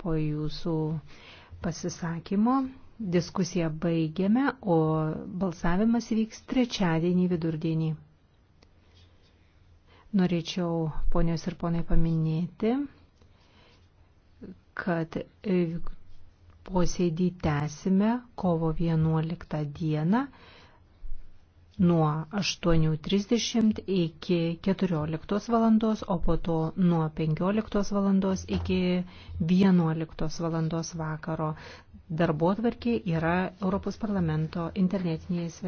Po jūsų pasisakymo diskusiją baigėme, o balsavimas vyks trečiadienį vidurdienį. Norėčiau, ponios ir ponai, paminėti, kad e, posėdį tęsime kovo 11 dieną nuo 8.30 iki 14 valandos, o po to nuo 15 valandos iki 11 valandos vakaro. Darbo tvarkė yra Europos parlamento internetinėje svetainėje.